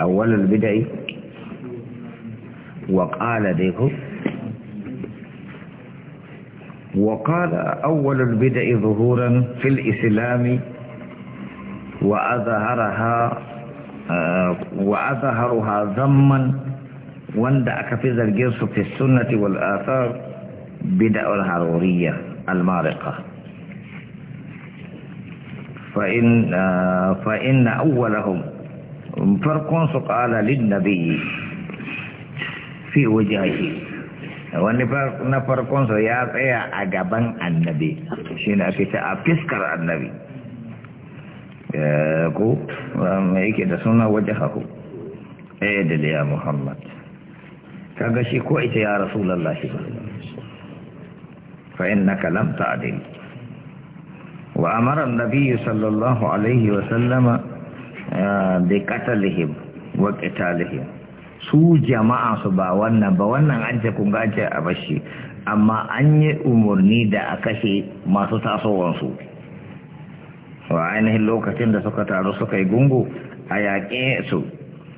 أول البدع وقال ديكو وقال أول البدع ظهورا في الإسلام وأظهرها آه، وأظهرها ذما واندعك في ذا الجرس في السنة والآثار بدع الهرورية المارقة فإن, آه، فإن أولهم farkon su ƙala linnabi fi wajahi wani na farkon su ya tsaya a gaban annabi shi ne ake ce a fiskar annabi eh, ko mai yake da suna waje haku ɗaya eh, da ya muhammad kaga shi ko ita ya rasu lallashi ba fa'in na kalamta adil wa amaran nabi sallallahu alaihi wasallama Ah, lihim, wa qitalihim su jama'a su ba wannan ba wannan an ce kun ga a bashi amma an yi umarni da a kashe masu tasowansu wa ainihin lokacin da suka taru suka yi gungu a yaƙe su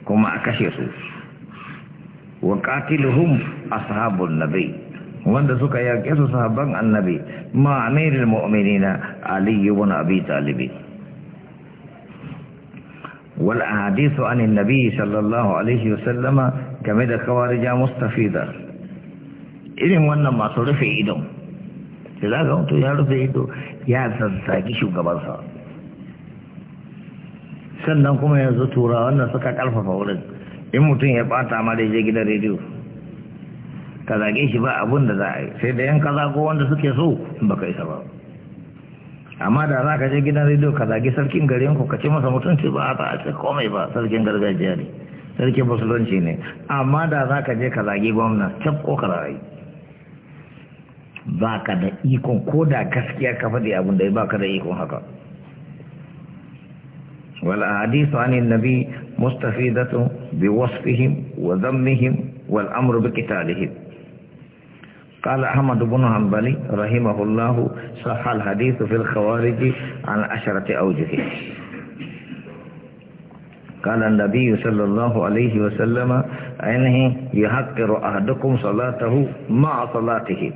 kuma a kashe su wa ƙatilhum ashabun nabi wanda suka yaƙe su sahabban annabi ma'amirin mu'minina aliyu ibn abi talib wal ahadithu anin nabi sallallahu alaihi wasallama game da kawarija mustafida irin wannan masu rufe ido da za ga mutum ya rufe ido ya zazzagi shugabansa sannan kuma yanzu turawa wannan suka karfafa wurin in mutum ya bata ma da je gidan rediyo ka shi ba abun da za yi sai da yan kaza ko wanda suke so in baka isa ba amma da za ka je gidan rediyo ka zagi sarkin garin ku ka ce masa mutunci ba a ce komai ba sarkin gargajiya ne sarkin musulunci ne amma da za ka je ka zagi gwamna can ko ka rayu ba ka da ikon ko da gaskiya ka faɗi abin da ba ka da ikon haka wal hadisu an nabi mustafidatu bi wasfihim wa zammihim wal amru bi qitalihim قال أحمد بن حنبل رحمه الله صح الحديث في الخوارج عن عشرة أوجه قال النبي صلى الله عليه وسلم أنه يحقر أحدكم صلاته مع صلاته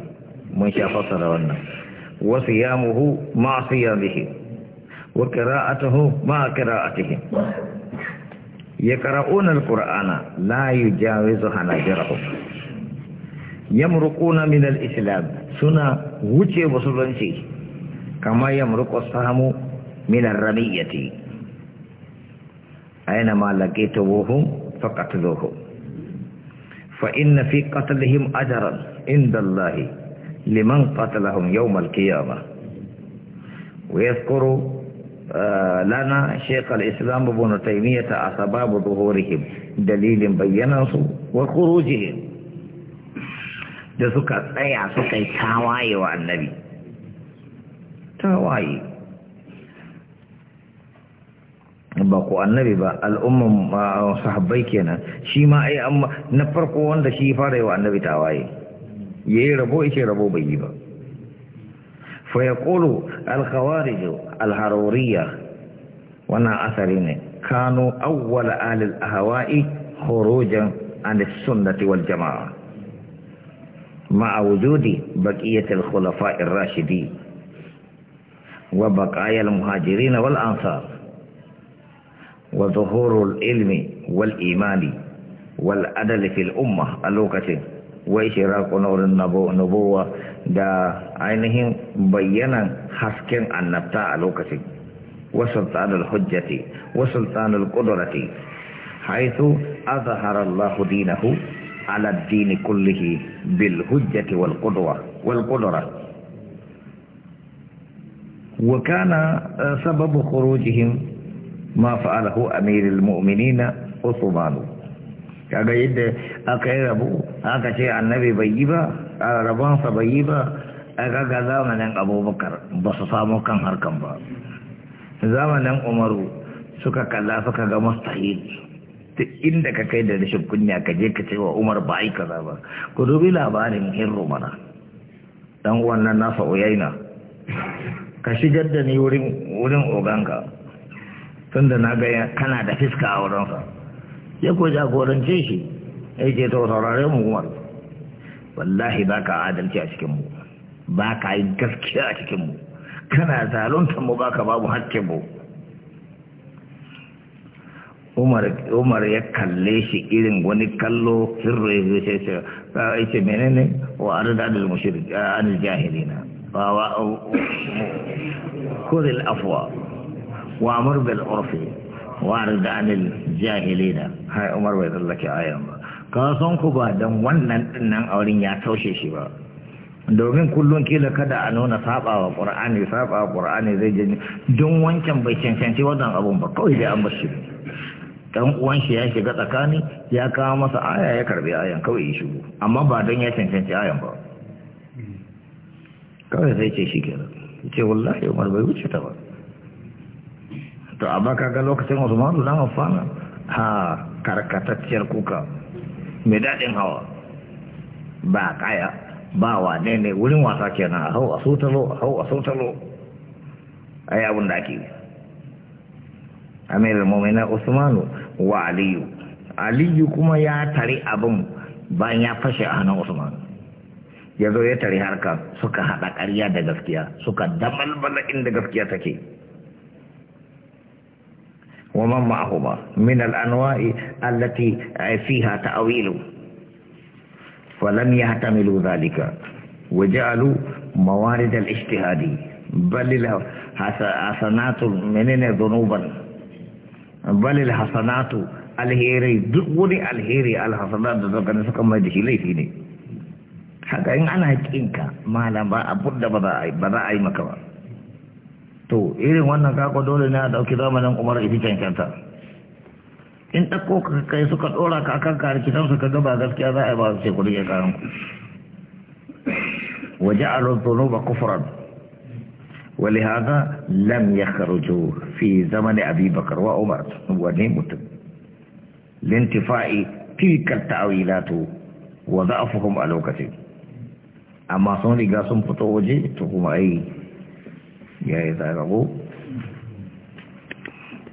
من شافصر والنم وصيامه مع صيامه وقراءته مع قراءته يقرؤون القرآن لا يجاوز حناجرهم يمرقون من الإسلام سنة وجه وصلنسي كما يمرق السهم من الرمية أينما لقيتوهم فقتلوهم فإن في قتلهم أجرا عند الله لمن قتلهم يوم القيامة ويذكر آه، لنا شيخ الإسلام ابن تيمية أسباب ظهورهم دليل بينه وخروجهم da suka tsaya suka yi tawaye wa annabi tawaye ba ku annabi ba al'umman sahabbai kenan shi ma ai amma na farko wanda shi fara yi wa annabi tawaye ya yi rabo ya ce rabo bai yi ba fa ya kolo alkhawarijo alharoriya wannan asari ne kano awwal alil ahawa'i horojan an sunnati wal jama'a مع وجود بقية الخلفاء الراشدين وبقايا المهاجرين والأنصار وظهور العلم والإيمان والعدل في الأمة اللوكة وإشراق نور النبوة دا عينهم بينا حسكا النبتاء اللوكة وسلطان الحجة وسلطان القدرة حيث أظهر الله دينه ala dini kullihi bil hujjati wal qudwa wal qudra wa kana sababu amiril ma fa'alahu amirul mu'minin Uthman kaga yadda aka yi rabu aka ce annabi bai yi ba rabansa bai yi ba a kaga zamanin abubakar ba su samu kan harkan ba zamanin umaru suka kalafaka ga mustahil duk inda ka kai da rashin kunya ka je ka ce wa umar ba ai kaza ba ku dubi labarin hirru mana dan wannan nasa uyaina ka shigar da ni wurin oganka tunda na ga kana da fiska a wurinsa ya ko jagorance shi ya ke to saurare mu umar wallahi ba ka adalci a cikin ba ka yi gaskiya a cikin mu kana zaluntar mu ba ka babu hakkin mu umar ya kalle shi irin wani kallo firre zai sai sai sai ce menene wa arda da mushrik an na wa wa khudh al afwa wa amr bil urfi wa arda an al jahilina hai umar bai tsallake ayan ba ka san ku ba dan wannan dinnan auren ya taushe shi ba domin kullum kila kada a nuna saba wa qur'ani saba wa qur'ani zai je don wancan bai cancanci wannan abun ba kawai dai an bar shi dan uwan shi ya shiga tsakani ya kawo masa aya ya karbi ayan kawai ya shigo amma ba don ya cancanci ayan ba kawai sai ce shi kenan ce wallahi Umar bai wuce ta ba to amma kaga lokacin Usman na amfana ha karkatacciyar kuka mai daɗin hawa ba kaya ba wa ne wurin wasa kenan hau a sautalo a hau a a yi abin da ake yi mai na usmanu wa aliyu aliyu kuma ya tare abin bayan ya fashe a hannun usman ya zo ya tare harka suka haɗa ƙarya da gaskiya suka damalbala inda gaskiya take wa man ma'ahu ba min al'anwa'i allati eh, fiha ta'awilu fa lam yahtamilu dhalika wa ja'alu mawarid al-ijtihadi bal lil hasanatu minna dhunuban bal alhasanatu alheri duk wani alheri alhasanat da zaka suka mai da shi laifi ne haka in ana hakinka malam ba abun da ba za a yi maka ba to irin wannan kako dole ne a dauki zamanin umar ifi cancanta in ɗauko ka kai suka ɗora ka akan kare kitansu ka gaba gaskiya za a yi ba su ce ku rike kayan ku waje a ba kufran ولهذا لم يخرجوا fi zamani abi wa umar wane mutum lintifa'i tilkar ta'awilatu wa za'afuhum a lokacin amma sun riga sun fito waje to kuma ai ya zagago